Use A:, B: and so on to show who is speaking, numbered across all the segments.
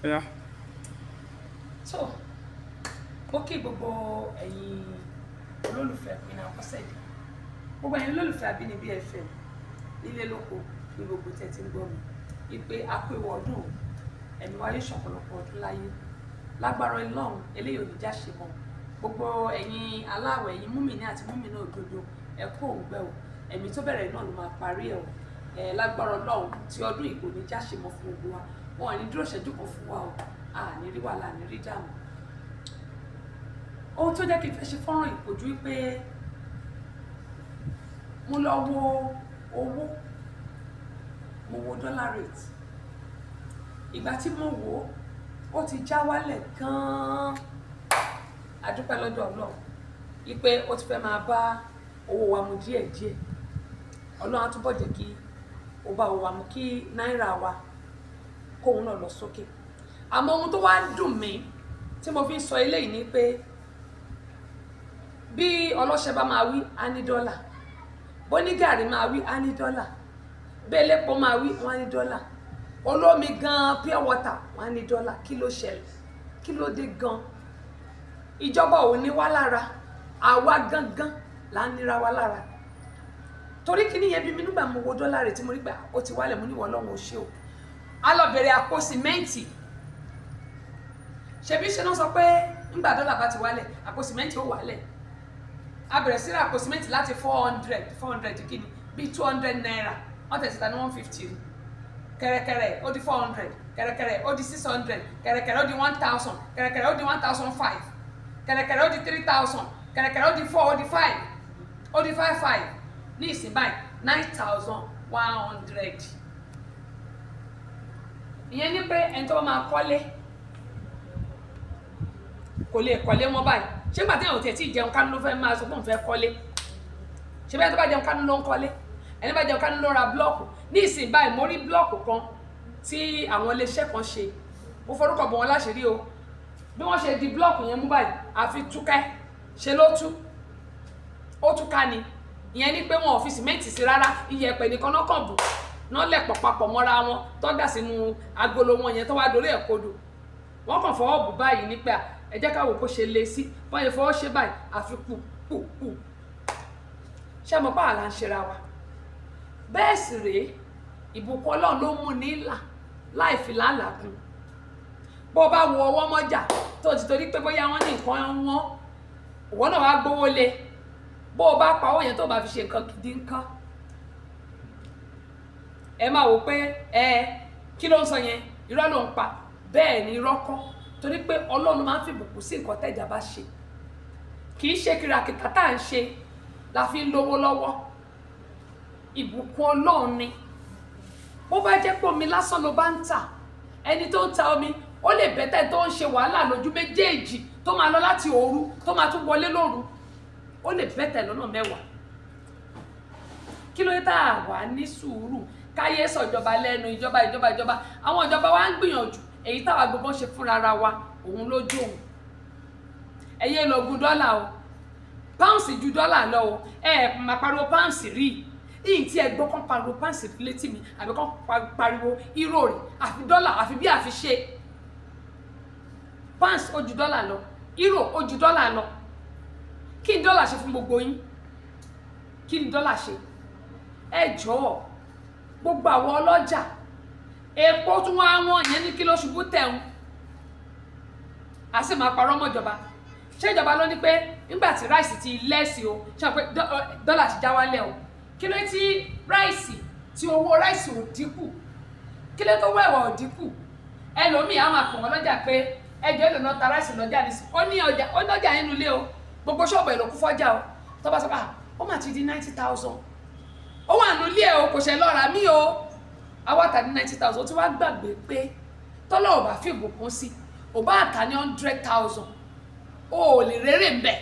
A: Yeah. So, okay, kí gbogbo ẹ̀yin olólùfẹ́ Queen Abọ́sẹ̀dé. Gbogbo ẹ̀yin olólùfẹ́ Abínibí FM nílé lóko ní gbogbo tẹ̀tí ń gbọ́ mi. Ìpè apẹ̀wò ọdún ẹ̀mí wáyé ṣọ̀pọ̀lọpọ̀ ọdún láyé. Lágbára Ọlọ́run eléyìí ò ní já ṣe mọ́. Gbogbo ẹ̀yin aláwọ̀ ẹ̀yin múmìnì àti múmìnì òdodo ẹ kú òǹgbẹ o ẹ̀mí tó bẹ̀rẹ̀ náà ló máa parí ẹ̀ o lágbára Ọlọ́run tí ọdún ìgò ní já ṣe fún gbogbo wa wọn ní dúró ṣẹ́jú kan fún wa o à ní rí wàhálà ní rí dààmú ohun tó jẹ́ kí n fẹ́ ṣe fọ́nrán ìpòjú pé mo lọ wo owó mo wo dollar rate ìgbà tí mo wò ó ó ti já wálẹ̀ gan-an a dúpẹ́ lọ́dọ̀ Ọlọ́run wípé ó ti fẹ́ máa bá owó wa mu díẹ̀díẹ̀ Ọlọ́run á túbọ̀ jẹ́ kí ó bá owó wa mu kí náírà wa kóun náà lọ sókè àmọ́ ohun tó wá ń dùn mí tí mo fi ń sọ eléyìí ni pé bí ọlọ́ṣẹ́ bá máa wí á ní dọ́là bónígàrí máa wí á ní máa wí wọ́n á olómi gan pure water wọ́n á ní dọ́là kí ló ṣẹlẹ̀ kí ló dé gan-an ìjọba ò ní wá lára àwa gangan là ń nira wá lára torí kí nìyẹn bí mi nígbà mo wo dọ́là rẹ̀ tí mo rí gbà ah, ó ti wálẹ̀ mo níwọ̀ ọlọ́run ò ṣe o á lọ bèrè àpò sìmẹ́ǹtì ṣebí ṣe náà sọ pé ńgbà dọ́là bá ti wálẹ̀ àpò sìmẹ́ǹtì ó wálẹ̀ a bẹ̀rẹ̀ sí ra àpò sìmẹ́ǹtì láti four hundred four hundred kí ni two hundred naira wọ́n tẹ̀sí ta ní one fifty kẹ̀rẹ̀kẹ̀rẹ̀ ó di four hundred kẹ̀rẹ̀kẹ̀rẹ̀ ó di six hundred kẹ̀rẹ̀kẹ̀rẹ̀ ó di one thousand kẹ̀rẹ̀kẹ̀rẹ̀ ó di one thousand five kẹ̀rẹ̀kẹ̀rẹ̀ ó di three thousand kẹ̀rẹ̀kẹ̀rẹ̀ ó di four ó di five ó di five five ní ìsìn báyìí nine thousand one hundred ìyẹn ní pé ẹni tó bá máa kọ́lé kò lè kọ́lé mọ́ báyìí ṣé gbàtẹ́ ìwọ̀n tẹ̀ tí ìjẹun kánú ló fẹ́ máa sọ fún fẹ́ kọ́lé ṣé bẹ́ẹ̀ tó bá jẹun kánú ló ń kọ́lé ẹni bá jẹun kánú ló ra blọ́ọ̀kù ní ìsìn báyìí mo rí blọ́ọ̀kù kan tí àwọn iléeṣẹ́ kan ṣe mo forúkọ bọ̀ wọ́n láṣìírí o bí wọ́n ṣe di blọ́ọ̀kù yẹn mú báyìí àfi túkẹ́ ṣe ló tú ó túká ni ìyẹn ní pé wọn ò fi sìmẹ́ǹtì sí rárá iyẹ̀pẹ̀ nìkan náà kàn bù náà lẹ̀pọ̀ papọ̀ mọ́ra wọn tó dà sínú agolo wọn yẹn tó wá dorí ẹ̀ kodò wọ́n kàn fọwọ́ bù báyìí nípa ẹ jẹ́ káwọ́ kó ṣe lé sí wọ́n yẹ fọwọ́ ṣe báyìí àfi kù kù kù ṣé mo bá àlà ń ṣera wa bẹ́ẹ̀ sì rèé ìbùkún ọlọ́run ló mú ní là láì fi làálàá kún bó bá wo ọwọ́ mọ́jà tó ti torí pé bóyá wọ́n ní nǹkan wọn òwò náà wá gbówó lé bó o bá pa owó yẹn tó o bá fi ṣe nǹkan gidi nǹkan ẹ máa wò pé ẹ kí ló ń sọ yẹn irọ́ ló ń pa bẹ́ẹ̀ ni irọ́ kọ́ torí pé ọlọ́run máa ń fi bùkún sí nǹkan tẹ̀jà bá ṣe kì í ṣe kìràkìtà tá à ń ṣe la fi ń lówó lọ́wọ́ ìbùkún ọlọ́run ni bó bá jẹ́ pé omi lásán ló bá ń tà ẹni tó ń ta omi ó lè bẹ́tẹ̀ tó ń ṣe wàhálà lójú méjèèjì tó máa lọ láti òru tó máa tún wọlé lóru ó lè bẹ́tẹ̀ lọ́nà mẹ́wàá kí ló dé tá a wà ní sùúrù káyé sọ̀jọba lẹ́nu ìjọba ìjọba ìjọba àwọn ìjọba wa ń gbìyànjú èyí táwa gbogbo ń ṣe fúnra ara wa òun lójú òun ẹ̀yẹ lọ́gùn dọ́là o pounds ju dọ́là lọ o ẹ ẹ máa pariwo pounds rí yìí tí ẹ gbọ́ kán pariwo pounds létí mi àbí kán pariwo euro rí àfi dọ́là àfi bí àfi ṣe pounds ó ju dọ́là lọ euro ó ju dọ́là lọ kí ni dọ́là ṣe fún gbogbo yín kí ni dọ́là ṣe ẹ jọ̀ọ́ gbogbo àwọn ọlọ́jà epo tún wá wọn yẹn ní kí ló ṣubú tẹ̀hún a sì máa parọ́ mọ́jọba ṣé ìjọba ló ní pé nígbà tí ráìsì ti lẹ́sì o ṣe pé dọ́là ti já wálẹ̀ o kí ló ti ráìsì tí owó ráìsì ò dínkù kí ló tó wọ ẹ̀wà ò dínkù ẹlòmíì á máa pọ̀ wọ́n lọ́jà pé ẹjọ́ èlò náà ta ráìsì lọ́jà nísìn ó ní ọjà ó ní ọjà nínú ilé o gbogbo ṣọ́ọ̀bù ẹ̀ ló kú fọ́jà o tọ́ba sọ́ba ó mà ti di ninety thousand ó wà nílé ẹ̀ o kò ṣe lọ́ra mí o awátà ní ninety thousand ó ti wá gbàgbé pé tọ́lọ́ ò bá fi ìbùkún sí ò bá àtà ní hundred thousand o ò lè rere ń bẹ̀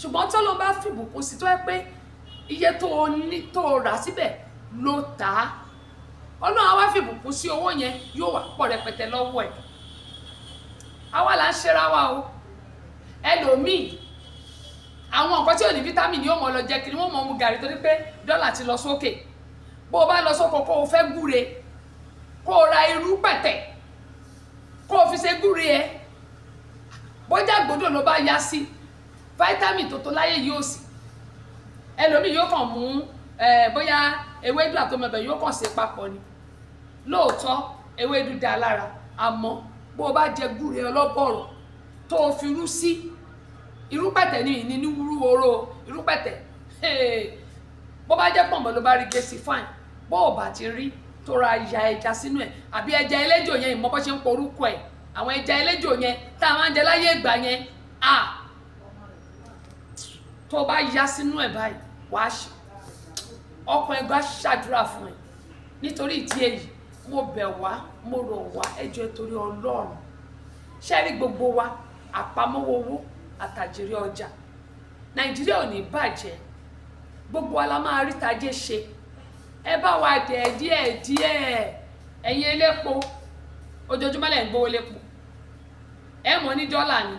A: ṣùgbọ́n tọ́lọ́ bá fi ìbùkún sí tó yẹ pé iye tó o ní tó o rà síbẹ̀ ló tà á ọlọ́run àwa fi ìbùkún sí owó yẹn yóò wà pọ̀ rẹpẹtẹ lọ́wọ́ ẹ̀ àwa là ń ṣera wa o ẹlòmíì àwọn nǹkan tí ò ní vitamin yóò mọ lọ jẹ kiri wọn mọ mu gàrí torí pé dọ́là ti lọ sókè bó o bá lọ sóko kó o fẹ́ gúre kó o ra irú pẹ̀tẹ̀ kó o fi ṣe gúre ẹ bójá gbódò ló bá yá sí vitamin tó tó láyé yóò sí ẹlòmíì yóò kàn mú bóyá ewédú àtọmọbẹ yóò kàn ṣe papọ̀ ni lóòótọ́ ewédú dá lára àmọ́ bó o bá jẹ gúre ọlọ́bọ̀rọ̀ tó o fi rú sí. Si irúpẹ̀tẹ̀ ni ìní ní wúrú oró irúpẹ̀tẹ̀ bó bá jẹ́ pọ̀nbọ̀n ló bá rí gé sí fine bó ò bá ti rí tó ra ya ẹja sínú ẹ̀ àbí ẹja ẹlẹ́jọ̀ yẹn ìmọ̀ bó ṣe ń porúkọ ẹ̀ àwọn ẹja ẹlẹ́jọ̀ yẹn tá a máa ń jẹ láyé ìgbà yẹn à tó bá ya sínú ẹ̀ báyìí wàá ṣe ọkàn ẹ̀ gbá ṣàdúrà fún ẹ nítorí ìdí èyí mo bẹ̀ wá mo rọ̀ wá ẹjọ́ torí ọlọ́run ṣẹ́rí gbogbo wa àpamọ́wọ́ owó àtàjèrè ọjà nàìjíríà ò ní bàjẹ́ gbogbo wa la máa rí tajé ṣe ẹ bá wa dẹ̀ díẹ̀ díẹ̀ ẹ̀yin elépo ojoojúmọ́ lẹ̀ ń gbówó lépo ẹ mọ̀ ní dọ́là ni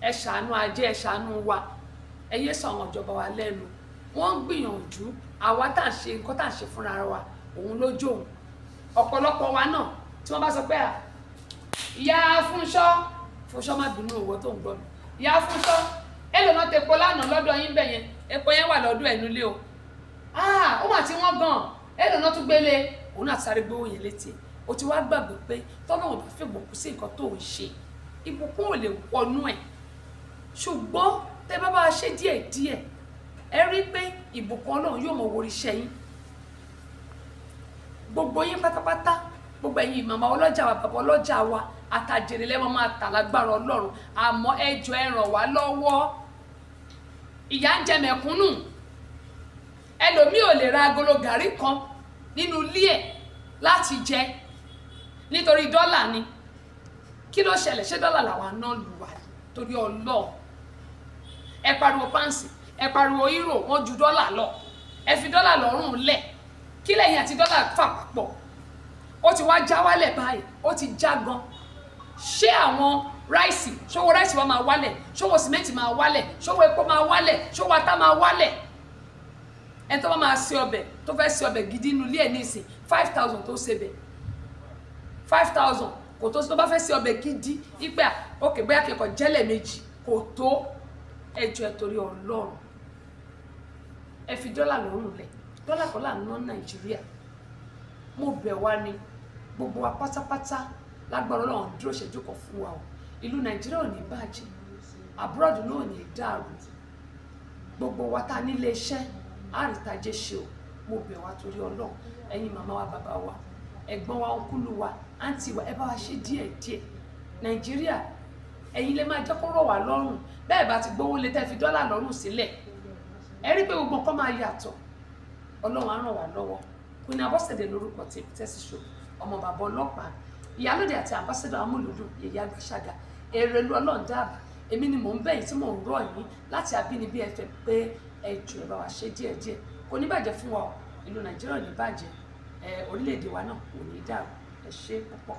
A: ẹ ṣàánú ajé ẹ ṣàánú wa ẹ yé sọ̀rọ̀ ìjọba wa lẹ́nu wọ́n ń gbìyànjú àwa tá à ń ṣe nǹkan tá à ń ṣe fúnra wa òun ló jó òun ọ̀pọ̀lọpọ̀ wa náà tí wọ́n bá sọ pé à ìyá Fúnṣọ́ Fúnṣọ́ má bínú owó tó ń gbọ́ mi ìyá fúnṣọ́ èlò náà tepo lánàá lọ́dọ̀ yín bẹ̀ yẹn epo yẹn wà lọ́dọ̀ ẹ̀ nílé o ah, ó mà tí wọ́n gan èlò náà tún gbélé òun náà sáré gbowó yẹn létí o ti wá gbàgbé pé tọ́lá wọn bá fìbò kú sí nǹkan tó ń ṣe ìbùkún ò lè wọnú ẹ̀ ṣùgbọ́n tẹ bá bá a ṣe díẹ̀díẹ̀ ẹ rí pé ìbùkún ọlọ́run yóò mọ orí iṣẹ́ yín gbogbo yín pátápátá gbogbo ẹ̀yin màmá ọlọ́jà wa bàbá ọlọ́jà wa àtàjèrè lẹ́wọ̀n máa tà lágbára ọlọ́run àmọ́ ẹjọ́ ẹ ràn wá lọ́wọ́ ìyá ń jẹ mẹ̀kúnnù ẹlòmíì ò lè ra agolo gàrí kan nínú ilé ẹ̀ láti jẹ nítorí dọ́là ni kí ló ṣẹlẹ̀ ṣé dọ́là làwọn náà lù wá torí ọlọ́ọ̀ ẹ pariwo páǹsì ẹ pariwo euro wọ́n ju dọ́là lọ ẹ fi dọ́là lọ́rùn lẹ̀ kílẹ̀ yẹn àti dọ́là fà papọ̀ ó ti wá já wálẹ̀ báyìí ó ti já gan ṣé àwọn ráìsì ṣówó ráìsì wa máa wálẹ̀ ṣówó sìmẹ́ǹtì máa wálẹ̀ ṣówó epo máa wálẹ̀ ṣówó ata máa wálẹ̀ ẹni tó bá máa ṣe ọbẹ̀ tó fẹ́ ṣe ọbẹ̀ gidi inú ilé ẹ̀ ní ìsìn five thousand tó ṣe bẹ̀ five thousand kò tó tó bá fẹ́ ṣe ọbẹ̀ gidi ìgbà ok bóyá kẹ́kọ̀ọ́ jẹ́lẹ̀ méjì kò tó ẹjọ́ ẹ̀ torí ọlọ́run ẹ fi dọ́là lọ́rùn lẹ̀ dọ́là kọ́ là ń ná nàìjíríà mo bẹ̀ wá ni gbogbo wa pátápátá lágbára ọlọ́run dúró ṣèjú kan fún wa o ìlú nàìjíríà ò ní bàjẹ́ abroad náà ò ní dàrú gbogbo wa ta nílé iṣẹ́ àrítajé ṣe o mo bẹ̀ wá torí ọlọ́run ẹ̀yin màmá wa bàbá wa ẹ̀gbọ́n wa òkúlù wa àǹtí wa ẹ bá wa ṣe díẹ̀ díẹ̀ nàìjíríà ẹ̀yin lè máa jẹ́ kó rọ̀ wá lọ́rùn bẹ́ẹ̀ bá ti gbówó lé tẹ́ fi dọ́là lọ́rùn sílẹ̀ ẹ rí pé gbogbo nǹkan máa yàtọ̀ ọlọ́run á ràn wá lọ́wọ́ Queen Abọ́sẹ̀dé lórúkọ tẹ̀sí ṣòro ọmọ bàbá ọlọ́pàá ìyálóde àti ambassador amúlùdù yèyé agbáṣága èrè lu ọlọ́run dáàbà èmi ni mò ń bẹ̀ yín tí mò ń rọ̀ yín láti Abínibí FM pé ẹ jù ẹ bá wa ṣe díẹ̀ díẹ̀ kò ní bàjẹ́ fún wa ìlú nàìjíríà ò ní bàjẹ́ orílẹ̀-èdè wa náà kò ní dàrú ẹ ṣe púpọ̀.